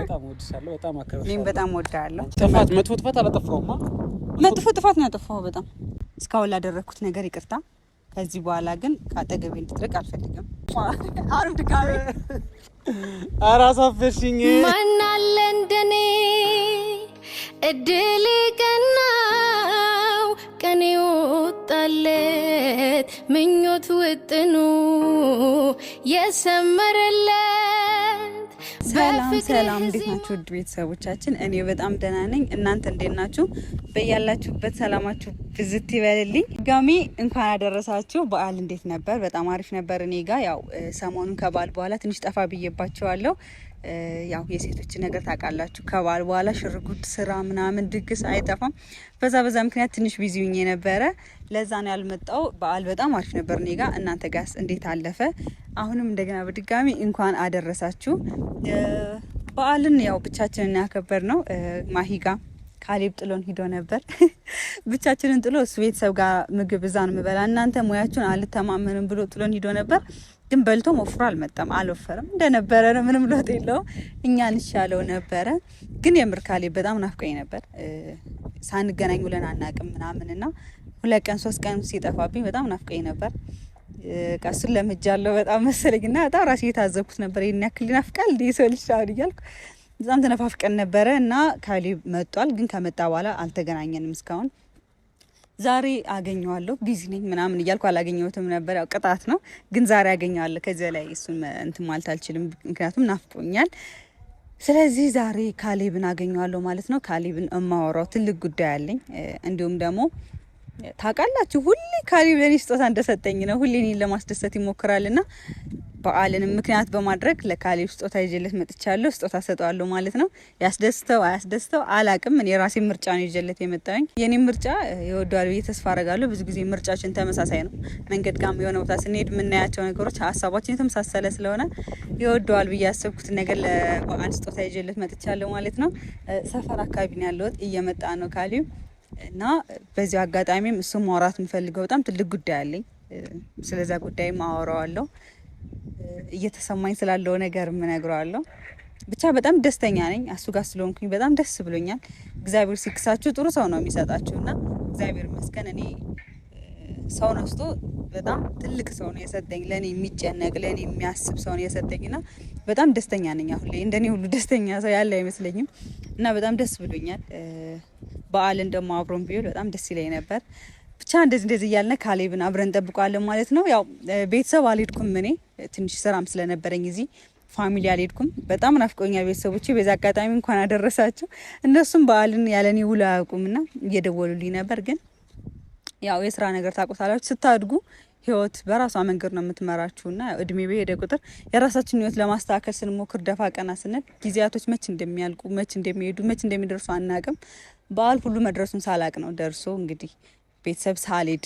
በጣም ወድሻለሁ። በጣም አከብርሻለሁ። እኔም በጣም ወድሻለሁ። ጥፋት መጥፎ ጥፋት መጥፎ ጥፋት ነው ያጠፋሁ። በጣም እስካሁን ላደረግኩት ነገር ይቅርታ። ከዚህ በኋላ ግን ከአጠገቤ እንድትርቅ አልፈልግም። እንደኔ እድል ቀናው ምኞት ውጥኑ የሰመረለት ሰላም ሰላም፣ እንዴት ናችሁ ውድ ቤተሰቦቻችን? እኔ በጣም ደህና ነኝ። እናንተ እንዴት ናችሁ? በያላችሁበት ሰላማችሁ ብዝት ይበልልኝ። ጋሚ እንኳን አደረሳችሁ። በዓል እንዴት ነበር? በጣም አሪፍ ነበር። እኔ ጋ ያው ሰሞኑን ከበዓል በኋላ ትንሽ ጠፋ ብዬባቸዋለሁ። ያው የሴቶች ነገር ታውቃላችሁ። ከባል በኋላ ሽርጉድ ስራ ምናምን ድግስ አይጠፋም። በዛ በዛ ምክንያት ትንሽ ቢዚ ሆኜ ነበረ። ለዛ ነው ያልመጣው። በዓል በጣም አሪፍ ነበር እኔ ጋ። እናንተ ጋስ እንዴት አለፈ? አሁንም እንደገና በድጋሚ እንኳን አደረሳችሁ። በዓልን ያው ብቻችንን ያከበር ነው ማሂጋ ካሌብ ጥሎን ሂዶ ነበር። ብቻችንን ጥሎ እሱ ቤተሰብ ጋር ምግብ እዛ ነው ምበላ እናንተ ሙያችሁን አልተማመንም ብሎ ጥሎን ሂዶ ነበር። ግን በልቶ ወፍሮ አልመጣም፣ አልወፈረም። እንደነበረ ነው፣ ምንም ለውጥ የለውም። እኛ እንሻለው ነበረ። ግን የምር ካሌብ በጣም ናፍቆኝ ነበር፣ ሳንገናኝ ውለን አናቅም ምናምን እና ሁለት ቀን ሶስት ቀን ሲጠፋብኝ በጣም ናፍቆኝ ነበር። እሱን ለምጃለሁ በጣም መሰለኝ እና በጣም ራሴ የታዘብኩት ነበር። ይህን ያክል ናፍቃል እንዲ ሰው ልጅ እያልኩ በጣም ተነፋፍቀን ነበረ እና ካሌብ መጧል። ግን ከመጣ በኋላ አልተገናኘንም እስካሁን ዛሬ አገኘዋለሁ ቢዚ ነኝ ምናምን እያልኩ አላገኘሁትም ነበር። ያው ቅጣት ነው፣ ግን ዛሬ አገኘዋለሁ። ከዚያ ላይ እሱን እንትን ማለት አልችልም፣ ምክንያቱም ናፍቆኛል። ስለዚህ ዛሬ ካሌብን አገኘዋለሁ ማለት ነው። ካሌብን እማወራው ትልቅ ጉዳይ አለኝ። እንዲሁም ደግሞ ታውቃላችሁ ሁሌ ካሌብ ለኔ ስጦታ እንደሰጠኝ ነው። ሁሌ እኔን ለማስደሰት ይሞክራልና በዓልንም ምክንያት በማድረግ ለካሌብ ስጦታ ይዤለት መጥቻለሁ። ስጦታ ሰጠዋለሁ ማለት ነው። ያስደስተው አያስደስተው አላቅም። እኔ የራሴ ምርጫ ነው ይዤለት የመጣኝ። የኔ ምርጫ የወደዋል ብዬ ተስፋ አረጋለሁ። ብዙ ጊዜ ምርጫችን ተመሳሳይ ነው። መንገድ ጋም የሆነ ቦታ ስንሄድ የምናያቸው ነገሮች ሀሳባችን የተመሳሰለ ስለሆነ የወደዋል ብዬ ያሰብኩትን ነገር ለበዓል ስጦታ ይዤለት መጥቻለሁ ማለት ነው። ሰፈር አካባቢ ነው ያለሁት። እየመጣ ነው ካሌብ እና በዚሁ አጋጣሚም እሱ ማውራት የምፈልገው በጣም ትልቅ ጉዳይ አለኝ። ስለዛ ጉዳይ ማወራዋለሁ። እየተሰማኝ ስላለው ነገር ምነግረዋለሁ። ብቻ በጣም ደስተኛ ነኝ። እሱ ጋር ስለሆንኩኝ በጣም ደስ ብሎኛል። እግዚአብሔር ሲክሳችሁ ጥሩ ሰው ነው የሚሰጣችሁ እና እግዚአብሔር ይመስገን እኔ ሰውን ወስዶ በጣም ትልቅ ሰው ነው የሰጠኝ። ለእኔ የሚጨነቅ ለእኔ የሚያስብ ሰው ነው የሰጠኝ እና በጣም ደስተኛ ነኝ። አሁን ላይ እንደኔ ሁሉ ደስተኛ ሰው ያለ አይመስለኝም እና በጣም ደስ ብሎኛል። በዓልን ደግሞ አብሮን ቢሆን በጣም ደስ ይለኝ ነበር። ብቻ እንደዚህ እንደዚህ እያልነ ካሌብን አብረን እንጠብቀዋለን ማለት ነው። ያው ቤተሰብ አልሄድኩም እኔ ትንሽ ስራም ስለነበረኝ እዚህ ፋሚሊ አልሄድኩም። በጣም ናፍቆኛ ቤተሰቦቼ። በዛ አጋጣሚ እንኳን አደረሳቸው። እነሱም በዓልን ያለኔ ውሎ ና እየደወሉልኝ ነበር። ግን ያው የስራ ነገር ታቆታላችሁ ስታድጉ ህይወት በራሷ መንገድ ነው ና እድሜ በሄደ ቁጥር የራሳችን ህይወት ለማስተካከል ስንሞክር ደፋ ቀና ስንል ጊዜያቶች መች እንደሚያልቁ መች እንደሚሄዱ መች እንደሚደርሱ አናቅም። በዓል ሁሉ መድረሱን ሳላቅ ነው ደርሶ እንግዲህ ቤተሰብ ሳልሄድ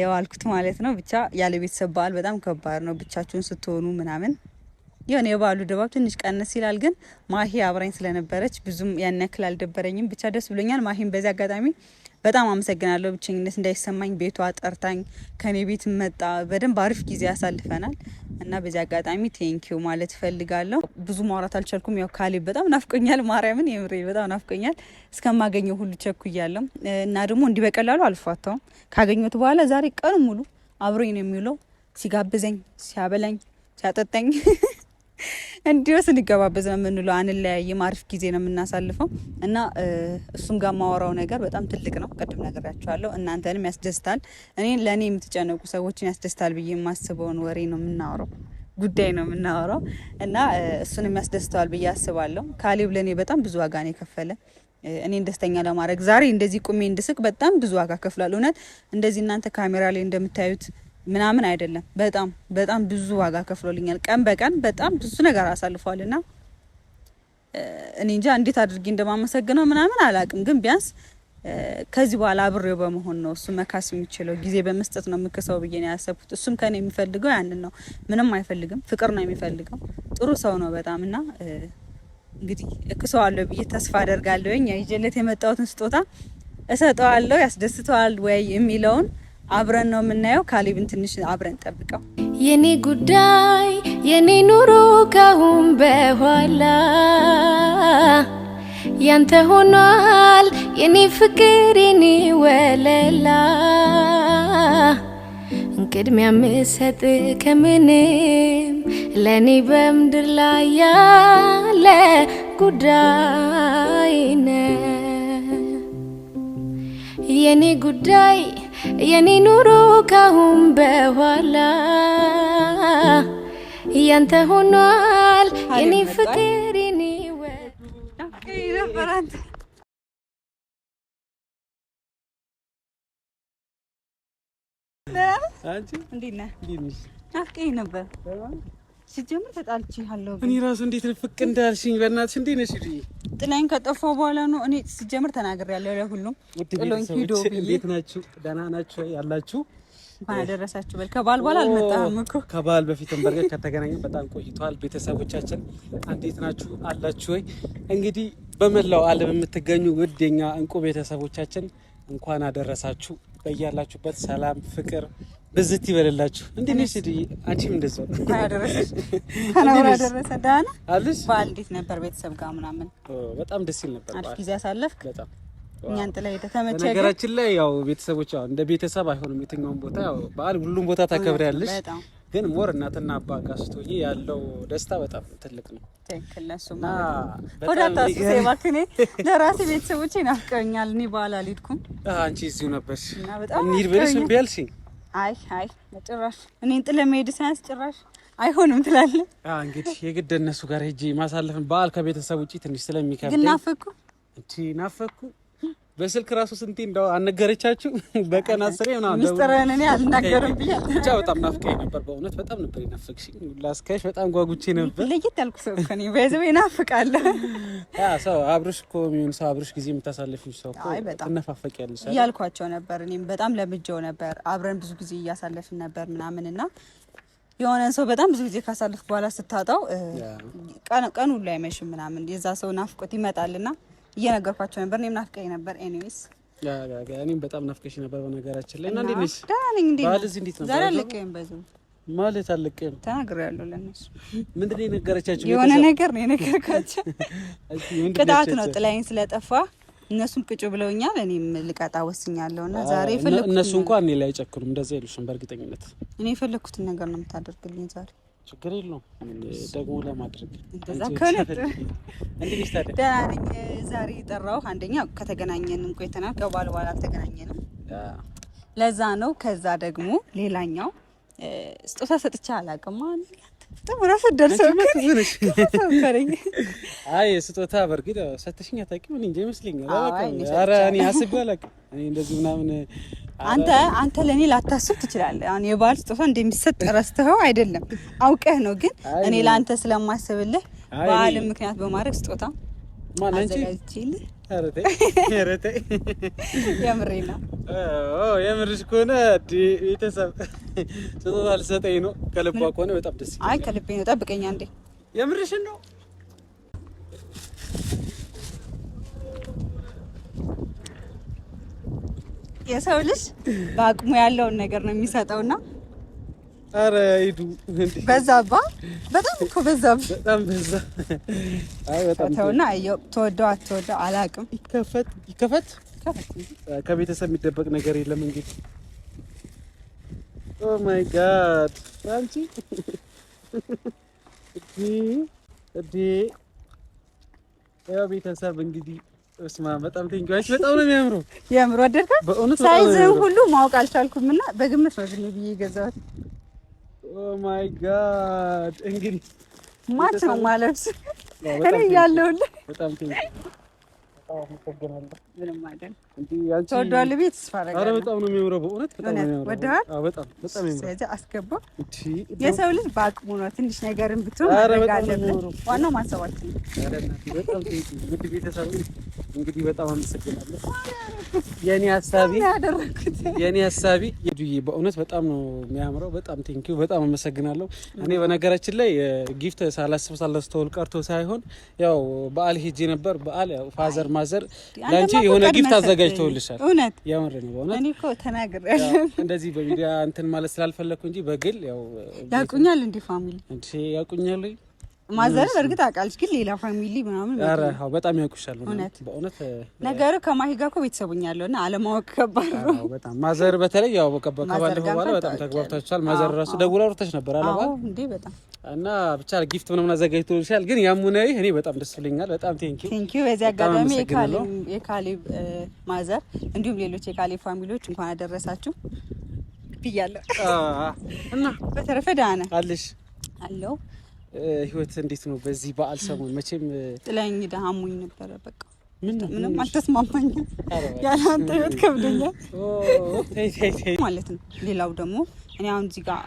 የዋልኩት ማለት ነው። ብቻ ያለ ቤተሰብ በዓል በጣም ከባድ ነው፣ ብቻችሁን ስትሆኑ ምናምን የሆነ የበዓሉ ድባብ ትንሽ ቀነስ ይላል። ግን ማሂ አብራኝ ስለነበረች ብዙም ያን ያክል አልደበረኝም። ብቻ ደስ ብሎኛል። ማሂን በዚህ አጋጣሚ በጣም አመሰግናለሁ። ብቸኝነት እንዳይሰማኝ ቤቷ ጠርታኝ ከኔ ቤት መጣ። በደንብ አሪፍ ጊዜ ያሳልፈናል እና በዚህ አጋጣሚ ቴንኪው ማለት እፈልጋለሁ። ብዙ ማውራት አልቻልኩም። ያው ካሌብ በጣም ናፍቆኛል። ማርያምን የምሬ በጣም ናፍቆኛል። እስከማገኘው ሁሉ ቸኩያለሁ እና ደግሞ እንዲህ በቀላሉ አልፏተውም ካገኘት በኋላ ዛሬ ቀኑ ሙሉ አብሮኝ ነው የሚውለው ሲጋብዘኝ፣ ሲያበላኝ፣ ሲያጠጣኝ እንዲሁ ስንገባበዝ ነው የምንለው። አንለያይም፣ አሪፍ ጊዜ ነው የምናሳልፈው እና እሱም ጋር ማወራው ነገር በጣም ትልቅ ነው። ቅድም ነግሬያቸዋለሁ። እናንተንም ያስደስታል፣ እኔ ለእኔ የምትጨነቁ ሰዎችን ያስደስታል ብዬ የማስበውን ወሬ ነው የምናወራው ጉዳይ ነው የምናወራው እና እሱንም ያስደስተዋል ብዬ አስባለሁ። ካሌብ ለእኔ በጣም ብዙ ዋጋ ነው የከፈለ እኔን ደስተኛ ለማድረግ ዛሬ እንደዚህ ቁሜ እንድስቅ በጣም ብዙ ዋጋ ከፍሏል። እውነት እንደዚህ እናንተ ካሜራ ላይ እንደምታዩት ምናምን አይደለም። በጣም በጣም ብዙ ዋጋ ከፍሎልኛል። ቀን በቀን በጣም ብዙ ነገር አሳልፏል እና እኔ እንጃ እንዴት አድርጌ እንደማመሰግነው ምናምን አላቅም፣ ግን ቢያንስ ከዚህ በኋላ አብሬው በመሆን ነው እሱ መካስ የሚችለው ጊዜ በመስጠት ነው የምክሰው ብዬ ነው ያሰብኩት። እሱም ከኔ የሚፈልገው ያንን ነው። ምንም አይፈልግም፣ ፍቅር ነው የሚፈልገው። ጥሩ ሰው ነው በጣም እና እንግዲህ እክሰዋለሁ ብዬ ተስፋ አደርጋለሁ። ይዤለት የመጣሁትን ስጦታ እሰጠዋለሁ፣ ያስደስተዋል ወይ የሚለውን አብረን ነው የምናየው። ካሊብን ትንሽ አብረን ጠብቀው። የኔ ጉዳይ የኔ ኑሮ ካሁን በኋላ ያንተ ሆኗል። የኔ ፍቅር የኔ ወለላ ቅድሚያ ምሰጥ ከምንም ለእኔ በምድር ላይ ያለ ጉዳይ ነ የኔ ጉዳይ የኔ ኑሮ ካሁን በኋላ እያንተ ሆኗል የኔ ፍቅር የኔ አንቺ እንዴት ነህ? ናፍቄ ነበር። ሲጀምር ተጣልቼሃለሁ። እኔ ራሱ እንዴት ልፍቅ እንዳልሽኝ በእናትሽ። እንዴት ነሽ? ጥላኝ ከጠፋ በኋላ ነው እኔ ሲጀምር ተናግሬያለሁ ለሁሉም። ጥሎኝ ሂዶ እንዴት ናችሁ? ደህና ናችሁ ያላችሁ እንኳን አደረሳችሁ በል። ከበዓል በኋላ አልመጣህም እኮ ከበዓል በፊትም በርገር ከተገናኘን በጣም ቆይቷል። ቤተሰቦቻችን እንዴት ናችሁ አላችሁ ወይ? እንግዲህ በመላው ዓለም የምትገኙ ውድ የኛ እንቁ ቤተሰቦቻችን እንኳን አደረሳችሁ። በያላችሁበት ሰላም፣ ፍቅር በዚህ ይበለላችሁ። እንዴት ነሽ? አንቺም እንደዛው አደረሰሽ? ደህና አለሽ? በዓል እንዴት ነበር? ቤተሰብ ጋር ምናምን በጣም ደስ ይል ነበር። አሪፍ ጊዜ አሳለፍክ? በጣም እኛን ጥላ የተተመቸ ነገራችን ላይ ያው ቤተሰቦች ያው እንደ ቤተሰብ አይሆንም። የትኛውም ቦታ ያው በዓል ሁሉም ቦታ ታከብሪያለሽ ግን ሞር እናትና አባ ጋር ስትሆኚ ያለው ደስታ በጣም ትልቅ ነው። ትክክል። ለእሱማ ወዳታሱ ባክኔ ለራሴ ቤተሰቦቼ ናፍቀኛል። እኔ በዓል አልሄድኩም። አንቺ እዚሁ ነበርሽ እና በጣም እንሂድ ብለሽ እምቢ አልሽኝ አይ አይ ጭራሽ እኔን ጥለ መሄድ ሳያንስ ጭራሽ አይሆንም ትላለህ። እንግዲህ የግድ እነሱ ጋር ሄጄ ማሳለፍን በዓል ከቤተሰብ ውጭ ትንሽ ስለሚከብደኝ ግን ናፈኩ ናፈኩ በስልክ ራሱ ስንቴ እንደው አነገረቻችሁ? በቀን አስሬ ምናምን ሚስጥርህን እኔ አልናገርም ብያለሁ። ብቻ በጣም ናፍቀኝ ነበር፣ በእውነት በጣም ነበር የናፈቅሽኝ። ላስካሽ በጣም ጓጉቼ ነበር። ለየት ያልኩ ሰው እኮ ነኝ፣ በዚህ ወይ ናፍቃለሁ። አዎ ሰው አብሮሽ እኮ የሚሆን ሰው አብርሽ ጊዜ የምታሳልፊው ሰው እኮ ትነፋፈቂያለሽ እያልኳቸው ነበር። እኔም በጣም ለምጄው ነበር፣ አብረን ብዙ ጊዜ እያሳለፍን ነበር ምናምን እና የሆነን ሰው በጣም ብዙ ጊዜ ካሳለፍ በኋላ ስታጣው ቀኑ ሁሉ አይመሽም ምናምን የዛ ሰው ናፍቆት ይመጣልና እየነገርኳቸው ነበር። እኔም ናፍቀኝ ነበር። ኤኒዌይስ እኔም በጣም ናፍቀሽ ነበር በነገራችን ላይ እና እንዴት ነሽ? ደህና ነኝ። እንዴት ነው ዛሬ? አለቀኝ በዚሁ ማለት አለቀም ተናግሬያለሁ። ለነሱ ምንድን ነው የነገረቻቸው? የሆነ ነገር ነው የነገርኳቸው። ቅጣት ነው ጥላይን ስለጠፋ እነሱም ቅጩ ብለውኛል። እኔም ልቀጣ ወስኛለሁ እና ዛሬ የፈለኩት እነሱ እንኳን እኔ ላይ አይጨክኑም፣ እንደዚህ አይሉሽም። በእርግጠኝነት እኔ የፈለግኩትን ነገር ነው የምታደርግልኝ ዛሬ ችግር የለውም። ደግሞ ለማድረግ ደህና ነኝ። ዛሬ የጠራው አንደኛ ከተገናኘንም ቆይተናል። ከባል በኋላ አልተገናኘንም፣ ለዛ ነው። ከዛ ደግሞ ሌላኛው ስጦታ ሰጥቼ አላውቅም። ራስ ደርሰውከኝ አይ ስጦታ በእርግጥ ሰተሽኝ አታውቂም? እንጃ ይመስለኛል። ኧረ እኔ አስቤ አላውቅም እንደዚህ ምናምን አንተ አንተ ለእኔ ላታስብ ትችላለህ። አሁን የባል ስጦታ እንደሚሰጥ ረስተኸው አይደለም አውቀህ ነው። ግን እኔ ለአንተ ስለማስብልህ በዓልን ምክንያት በማድረግ ስጦታ አዘጋጅቼልህ የምሬ ነው። የምርሽ ከሆነ ቤተሰብ ስጦታ ልሰጠኝ ነው። ከልቧ ከሆነ በጣም ደስ አይ ከልቤ ነው። ጠብቀኛ እንዴ! የምርሽን ነው የሰው ልጅ በአቅሙ ያለውን ነገር ነው የሚሰጠውና አረ ሂዱ በዛባ በጣም እኮ በዛ በጣም በዛ። አይ በጣም ተውና፣ ተወደው አትወደው አላቅም። ይከፈት ይከፈት ከቤተሰብ የሚደበቅ ነገር የለም። እንግዲህ ኦ ማይ ጋድ አንቺ እዲ እዲ ያው ቤተሰብ እንግዲህ እስማ በጣም ቴንኪው። አንቺ በጣም ነው የሚያምረው። ያምሮ አደርካት በእውነት ሳይዝ ሁሉ ማወቅ አልቻልኩም እና በግምት ነው ዝም ብዬ ገዛሁት። ኦ ማይ ጋድ እንግዲህ ማች ነው ማለብስ እኔ ያለሁልህ በጣም ቴንኪው። ምንም አይደል። ተወዷል። ቤት በጣም ነው የሚያምረው። በእውነት ወደዋል። ስለዚህ አስገባው። የሰው ልጅ በአቅሙ ነው። ትንሽ ነገርን ብትሆን አደርጋለሁ። ዋናው ማሰባችን ቤተሰብ እንግዲህ በጣም አመሰግናለሁ። የኔ ሀሳቢ የኔ ሀሳቢ የዱዬ በእውነት በጣም ነው የሚያምረው። በጣም በጣም አመሰግናለሁ። እኔ በነገራችን ላይ ጊፍት ሳላስብ ሳላስተውል ቀርቶ ሳይሆን ያው በዓል ሄጄ ነበር። በዓል ፋዘር ማዘር ለአንቺ የሆነ ጊፍት አዘጋጅተውልሻል። እውነት ያምር ነው በእውነት። እኔ እኮ ተናግሬያለሁ እንደዚህ በሚዲያ እንትን ማለት ስላልፈለግኩ እንጂ በግል ያው ያውቁኛል። እንዲህ ፋሚሊ እንዴ ያውቁኛል ማዘርን እርግጥ አውቃለች፣ ግን ሌላ ፋሚሊ ምናምን በጣም ያውቁሻል። በእውነት ነገሩ ከማሂ ጋር እኮ ቤተሰቡኛለሁ እና አለማወቅ ከባድ ነው በጣም ማዘር በተለይ ያው ከባለፈ በኋላ በጣም ተግባብታችኋል። ማዘር ራሱ ደውላ አውርተሽ ነበር አለባ እንዴ? በጣም እና ብቻ ጊፍት ምናምን አዘጋጅቶልሻል። ግን ያሙናዊ እኔ በጣም ደስ ብለኛል። በጣም ቴንኪ ቴንኪው። በዚህ አጋጣሚ የካሌብ ማዘር እንዲሁም ሌሎች የካሌብ ፋሚሊዎች እንኳን አደረሳችሁ ብያለሁ እና በተረፈ ደህና ነህ አለሽ አለው ህይወት እንዴት ነው በዚህ በዓል ሰሞን? መቼም ጥለኝ ደሃሙኝ አሞኝ ነበረ። በቃ ምንም አልተስማማኝም። ያለ አንተ ህይወት ከብዶኛል ማለት ነው። ሌላው ደግሞ እኔ አሁን እዚህ ጋር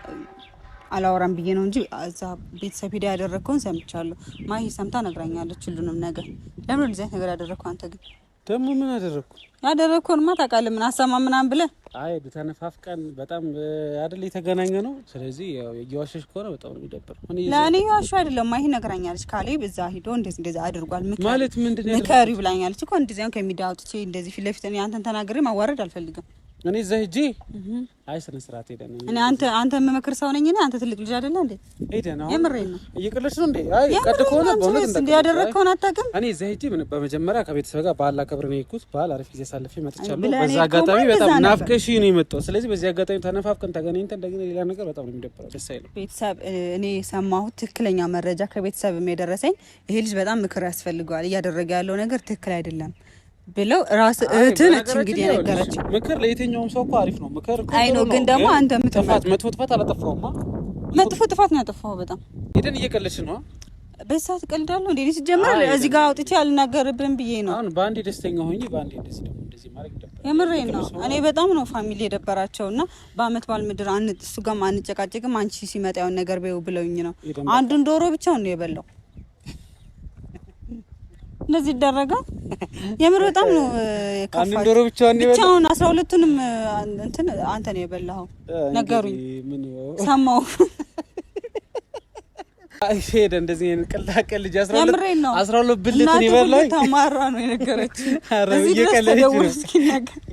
አላወራም ብዬ ነው እንጂ እዛ ቤተሰብ ሄዳ ያደረግከውን ሰምቻለሁ። ማይ ሰምታ ነግራኛለች ሁሉንም ነገር። ለምን እንደዚህ ነገር ያደረግከው አንተ ግን ደግሞ ምን አደረግኩ? አደረግኩንማ ታውቃለህ። ምን አሰማ ምናምን ብለህ አይ ተነፋፍቀን በጣም አይደል የተገናኘ ነው። ስለዚህ ያው እየዋሸሽ ከሆነ በጣም ነው የሚደብረው። ለእኔ እየዋሸሁ አይደለም። ይሄ ነግራኛለች። ካሌብ እዛ ሂዶ እንደዚህ እንደዚህ አድርጓል ማለት ምንድን ነው ምከሪው ብላኛለች እኮ እንደዚያን ከሚዲያ እንደዚህ ፊት ለፊት እኔ አንተን ተናግሬ ማዋረድ አልፈልግም። እኔ እዛ ሂጂ አይ ስነ ስርዓት ሄደን እኔ አንተ አንተ የምመክር ሰው ነኝ። እኔ አንተ ትልቅ ልጅ አይደለ እንዴ? ሄደን አሁን የምሬን ነው። እየቀለድሽ ነው እንዴ? አይ ቀድ ከሆነ በእውነት እንደ ያደረግከውን አታውቅም። እኔ እዛ ሂጂ ምን በመጀመሪያ ከቤተሰብ ጋር በዓል አከብር ነው የሄድኩት። በዓል አሪፍ ጊዜ አሳልፌ መጥቻለሁ። በዛ አጋጣሚ በጣም ናፍቀሽ ነው የመጣው። ስለዚህ በዚህ አጋጣሚ ተነፋፍቀን ተገናኝተን እንደገና ሌላ ነገር በጣም ነው የሚደብረው። ደስ አይልም። ቤተሰብ እኔ የሰማሁት ትክክለኛ መረጃ ከቤተሰብ የደረሰኝ ይሄ ልጅ በጣም ምክር ያስፈልገዋል። እያደረገ ያለው ነገር ትክክል አይደለም። ብለው ራስ እህትህ ነች እንግዲህ የነገረችው። ምክር ለየትኛውም ሰው እኮ አሪፍ ነው። ምክር አይ ነው፣ ግን ደግሞ አንተ ምጥፋት መጥፎ ጥፋት አላጠፋውማ። መጥፎ ጥፋት ነው ያጠፋው። በጣም ሄደን እየቀለች ነው። በሳት ሰዓት እንዴ? ልጅ ሲጀምር እዚህ ጋር አውጥቼ አልናገርብን ብዬ ነው። አሁን በአንዴ ደስተኛ ሆኜ በአንዴ ደስተኛ የምሬ ነው። እኔ በጣም ነው ፋሚሊ የደበራቸው እና በአመት ባል ምድር እሱ ጋር አንጨቃጨቅም አንቺ ሲመጣ ያውን ነገር በይው ብለውኝ ነው። አንዱን ዶሮ ብቻውን ነው የበላው እንደዚህ ይደረጋል። የምር በጣም ነው የከፋኝ። አንድ ዶሮ ብቻ ብቻውን አስራ ሁለቱንም እንትን አንተ ነው የበላኸው ነገሩኝ፣ ሰማሁ። ሄደ እንደዚህ ቅልታቀል ልጅ አስራ ሁለት ብልት ነው ተማራ ነው የነገረችኝ።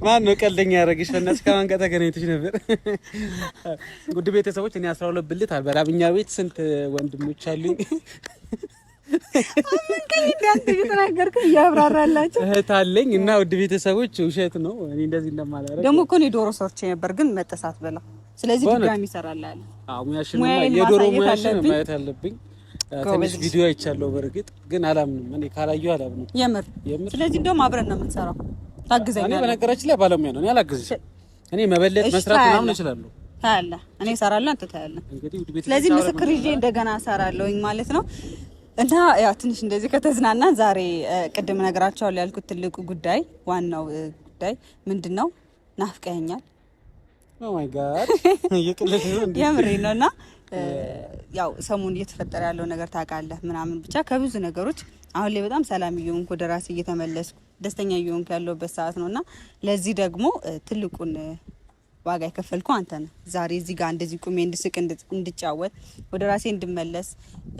ማን ነው ቀልደኛ ያደረግሽ? በእናትሽ ከማን ጋር ተገናኝተሽ ነበር? ጉድ ቤተሰቦች፣ እኔ አስራ ሁለት ብልት አልበላም። እኛ ቤት ስንት ወንድሞች አሉኝ እየተናገርክ እያብራራላቸው እህት አለኝ እና ውድ ቤተሰቦች ውሸት ነው። እኔ እንደዚህ እንደማላደርግ ደግሞ እኮ እኔ ዶሮ ሰርቼ ነበር፣ ግን መጠሳት በላ። ስለዚህ ድጋሚ ይሰራላል። ሙያሽን የዶሮ ሙያሽን ማየት አለብኝ። ትንሽ ቪዲዮ አይቻለሁ። በእርግጥ ግን አላምንም፣ እኔ ካላየሁ አላምንም የምር። ስለዚህ እንደውም አብረን ነው የምንሰራው። ታግዘኛለህ። በነገራችን ላይ ባለሙያ ነው፣ እኔ አላግዝሽም። እኔ መበለጥ መስራት ምናምን እችላለሁ ታያለህ። እኔ እሰራለሁ፣ አንተ ታያለህ። ስለዚህ ምስክር ይዤ እንደገና እሰራለሁኝ ማለት ነው። እና ያ ትንሽ እንደዚህ ከተዝናና ዛሬ ቅድም ነገራቸዋለሁ ያልኩት ትልቁ ጉዳይ ዋናው ጉዳይ ምንድን oh ነው? ናፍቀኸኛል። የምሬ ነው። እና ያው ሰሞኑን እየተፈጠረ ያለው ነገር ታውቃለህ ምናምን ብቻ ከብዙ ነገሮች አሁን ላይ በጣም ሰላም እየሆንኩ ወደ ራሴ እየተመለስኩ ደስተኛ እየሆንኩ ያለሁበት ሰዓት ነው እና ለዚህ ደግሞ ትልቁን ዋጋ የከፈልከው አንተ ነህ። ዛሬ እዚህ ጋር እንደዚህ ቁሜ እንድስቅ፣ እንድጫወት፣ ወደ ራሴ እንድመለስ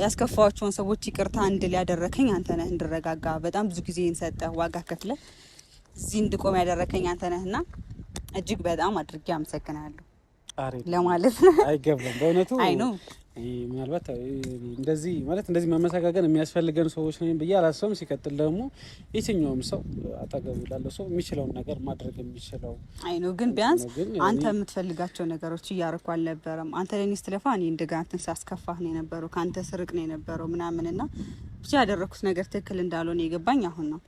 ያስከፋዋቸውን ሰዎች ይቅርታ እንድል ያደረከኝ አንተ ነህ። እንድረጋጋ በጣም ብዙ ጊዜ እንሰጠ ዋጋ ከፍለ እዚህ እንድቆም ያደረከኝ አንተ ነህ እና እጅግ በጣም አድርጌ አመሰግናለሁ ለማለት ነው። አይገባም በእውነቱ አይ ነው ምናልባት እንደዚህ ማለት እንደዚህ መመሰጋገን የሚያስፈልገን ሰዎች ነን ብዬ አላሰብም። ሲቀጥል ደግሞ የትኛውም ሰው አጠገቡ ላለው ሰው የሚችለውን ነገር ማድረግ የሚችለው አይ ነው። ግን ቢያንስ አንተ የምትፈልጋቸው ነገሮች እያርኩ አልነበረም። አንተ ለእኔ ስትለፋ እኔ እንደገና እንትን ሳስከፋህ ነው የነበረው፣ ከአንተ ስርቅ ነው የነበረው ምናምን እና ብቻ ያደረግኩት ነገር ትክክል እንዳልሆነ የገባኝ አሁን ነው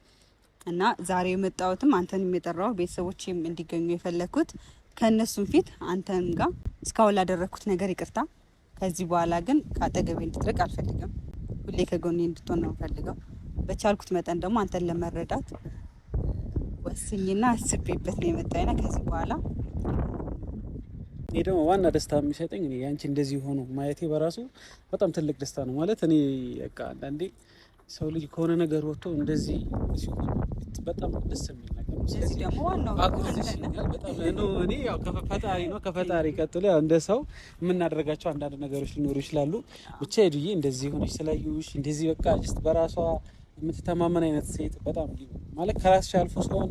እና ዛሬ የመጣሁትም አንተን የሚጠራው ቤተሰቦችም እንዲገኙ የፈለግኩት ከእነሱም ፊት አንተም ጋር እስካሁን ላደረግኩት ነገር ይቅርታ ከዚህ በኋላ ግን ከአጠገቤ እንድትርቅ አልፈልግም። ሁሌ ከጎኔ እንድትሆን ነው ፈልገው። በቻልኩት መጠን ደግሞ አንተን ለመረዳት ወስኝና አስቤበት ነው የመጣኝና ከዚህ በኋላ እኔ ደግሞ ዋና ደስታ የሚሰጠኝ እኔ ያንቺ እንደዚህ ሆኖ ማየቴ በራሱ በጣም ትልቅ ደስታ ነው። ማለት እኔ በቃ አንዳንዴ ሰው ልጅ ከሆነ ነገር ወጥቶ እንደዚህ ሲሆን በጣም ደስ የሚል ከፈጣሪ ነው ከፈጣሪ ቀጥሎ ያው እንደ ሰው የምናደርጋቸው አንዳንድ ነገሮች ሊኖሩ ይችላሉ። ብቻ ሄዱዬ እንደዚህ ሆነች ስላየሁሽ እንደዚህ በቃ በራሷ የምትተማመን አይነት ሴት በጣም ማለት ከራስሽ አልፎ ስለሆን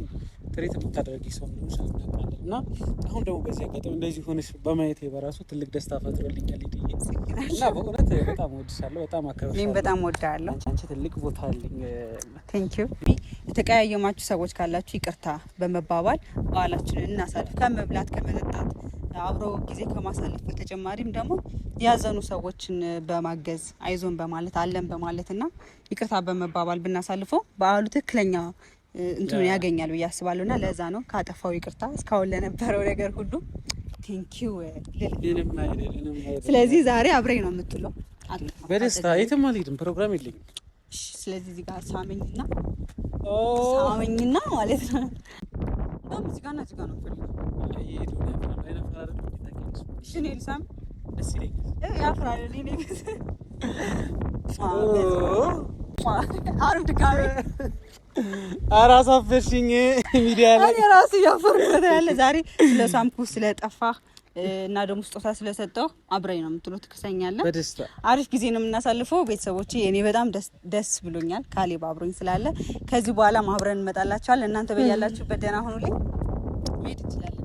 ትሬት የምታደርጊ ሰው ሆኖች እናውቃለን። እና አሁን ደግሞ በዚህ አጋጣሚ እንደዚህ ሆነሽ በማየት በራሱ ትልቅ ደስታ ፈጥሮልኛል። እና በእውነት በጣም ወድሻለሁ፣ በጣም አከብርሻለሁ። በጣም ወዳለሁ። አንቺ ትልቅ ቦታ አለኝ። ቴንኪዩ። የተቀያየማችሁ ሰዎች ካላችሁ ይቅርታ በመባባል በዓላችንን እናሳልፍ ከመብላት ከመጠጣት አብረው ጊዜ ከማሳለፍ በተጨማሪም ደግሞ ያዘኑ ሰዎችን በማገዝ አይዞን በማለት አለን በማለት እና ይቅርታ በመባባል ብናሳልፈው በዓሉ ትክክለኛ እንትኑ ያገኛል ብዬ አስባለሁ። እና ለዛ ነው ካጠፋው ይቅርታ እስካሁን ለነበረው ነገር ሁሉ ስለዚህ ዛሬ አብረኝ ነው የምትለው። በደስታ የትም አልሄድም፣ ፕሮግራም የለኝም። ስለዚህ እዚህ ጋር ሳመኝና ሳመኝና ማለት ነው በጣም እዚህ ጋር እና እዚህ ጋር ነው የምፈልገው። እሺ እኔ ልሳም ደስ ይለኛል። ያፍራል እኔ አሁንም ድጋሜ ኧረ አሳፈርሽኝ። ሚዲያ ላይ እራሱ እያፈርኩ ነው ያለ ዛሬ ስለ ሳምኩ ስለጠፋ እና ደግሞ ስጦታ ስለሰጠው አብረኝ ነው የምትሉት ትክሰኛለን። አሪፍ ጊዜ ነው የምናሳልፈው። ቤተሰቦች እኔ በጣም ደስ ብሎኛል፣ ካሌብ አብሮኝ ስላለ ከዚህ በኋላ ማብረን እንመጣላችኋል። እናንተ በያላችሁበት ደህና ሆኑልኝ። መሄድ ይችላል።